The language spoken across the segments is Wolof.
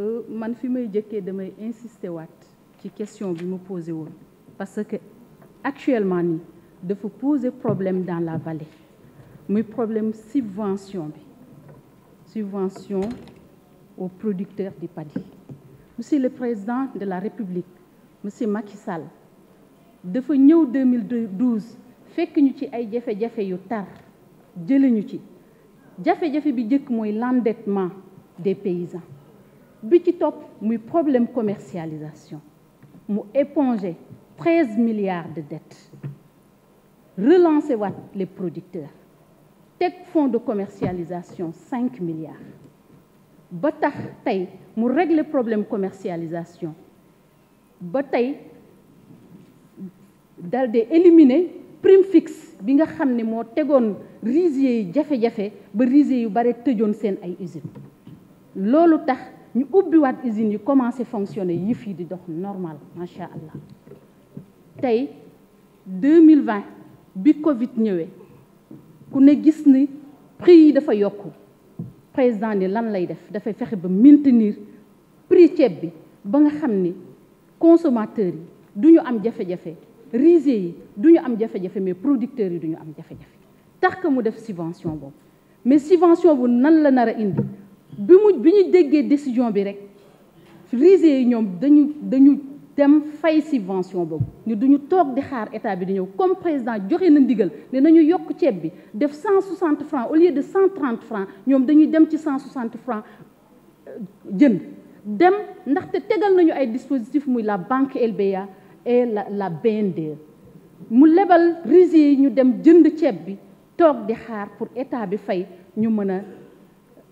Je euh, fi may insister sur ci question que je me woon parce que actuellement il faut poser problème dans la vallée Mais problème subvention subvention aux producteurs de paddy monsieur le président de la république monsieur Macky Sall dafa 2012 que nous ci fait des choses yu tar jëlee ci Nous jafe bi l'endettement des paysans bi ci topp problème commercialisation Mon épongé 13 milliards de dettes relancer les producteurs teg fonds de commercialisation 5 milliards ba tax tey problème commercialisation ba d'aller dal éliminer prime fixe bi nga mo ne moo tegoon jafé, yi jafe-jafe ba rizier yu ay ñu ubbiwaat usines yi commencé fonctionner yëf yi di dox normal macha allah tey 2020 bi Covid ñëwee ku ne gis ni prix yi dafa yokku président ni lan lay def dafay fexe ba maintenir prix ceeb bi ba nga xam consommateurs yi du ñu am jafe-jafe riziers yi du ñu am jafe-jafe mais producteurs yi du ñu am jafe-jafe tax que mu def subvention boobu mais subvention bu nan la nar a indi bi mu bi décision bi rek Rise ñom dañu dañu dem fay subvention boobu ñu duñu tok di xaar état bi di ñew comme président joxé na ndigal né nañu yok ceeb bi def 160 francs au lieu de 130 francs ñom dañu dem ci 160 francs euh, jënd dem ndaxte tégal nañu ay dispositif muy la banque LBA et la la BND e. mu lebal Rise ñu dem jënd ceeb bi tok di xaar pour état bi fay ñu mëna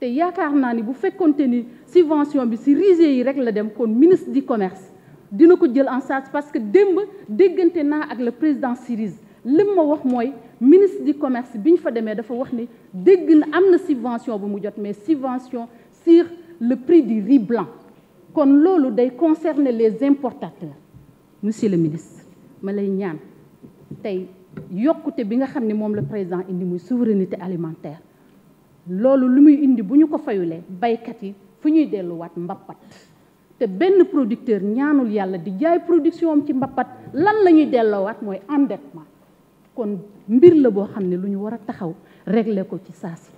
te yaakaar naa ni bu fekkonte ni subvention bi si RIGE yi rek la dem kon ministre du commerce dina ko jël en charge parce que démb déggante naa ak le président Syrize Le wax mooy ministre du commerce bi ñu fa demee dafa wax ni dégg na am subvention bu mu jot mais subvention sur le prix du riz blanc kon loolu day concerner les importateurs monsieur le ministre ma lay ñaan tey yokkute bi nga xam ne moom la président indi souveraineté alimentaire loolu lu muy indi bu ñu ko fayulee baykat yi fu ñuy delluwaat mbappat te benn producteur ñaanul yàlla di jaay production ci mbappat lan la ñuy delloowaat mooy endettement kon mbir la boo xam ne lu ñu war a taxaw régler ko ci saa si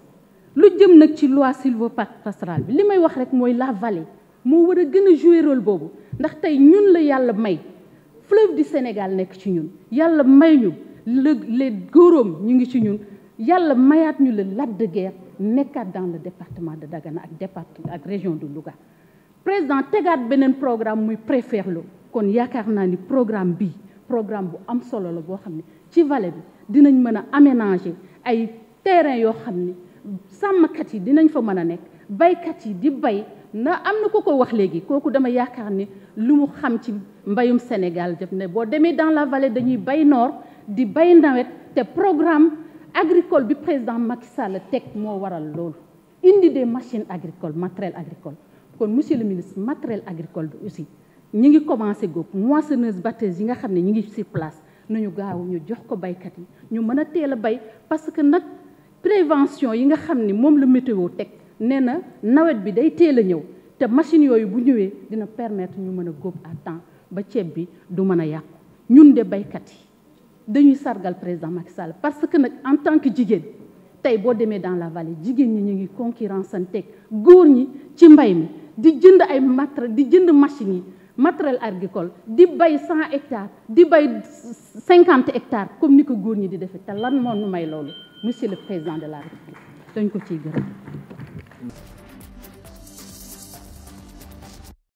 lu jëm nag ci loi sylvopastorale bi li may wax rek mooy la vallée moo war a gën a jouer boobu ndax tey ñun la yàlla may fleuve du Sénégal nekk ci ñun yàlla may ñu le les góoróom ñu ngi ci ñun yàlla mayaat ñu le Lac de nekkaat dans le département de Dagana ak département ak région de Louga président tegaat benen programme muy Préferlo kon yaakaar naa ni programme bi programme bu am solo la bo xam ci vallée bi dinañ mëna aménager ay terrain yo xam ni yi dinañ fa mëna nek baykat yi di bay na amna na ko ko wax léegi koku dama yaakaar ni lu mu xam ci mbayum Sénégal jëf ne bo démé dans la vallée dañuy bay nord di bay nawet té programme agricole bi président Macky Sall tek mo waral lool indi des machines agricoles matériel agricole kon monsieur le ministre matériel agricole aussi ñi ngi commencé góob moissonneuse batteuse yi nga xam ñi ngi sur place nañu gaaw ñu jox ko baykat yi ñu mëna a bay parce que nak prévention yi nga xam mom le météo tek néna nawet bi day teel ñew té machine yoyu bu ñëwee dina permettre ñu mëna a à temps ba ceeb bi du mëna a ñun de baykat yi dañuy sargal président Macky Sall parce que nak en tant que jigen, tay bo démé dans la vallée jigen ñi ñu ngi concurrence teg góor ñi ci mbay mi di jënd ay matra di jënd machine matériel agricole di bay cent hectares di bay cinquante hectares comme niko ko ñi di defee té lan mo nu may lolu monsieur le président de la République dañ ko ciy gërëm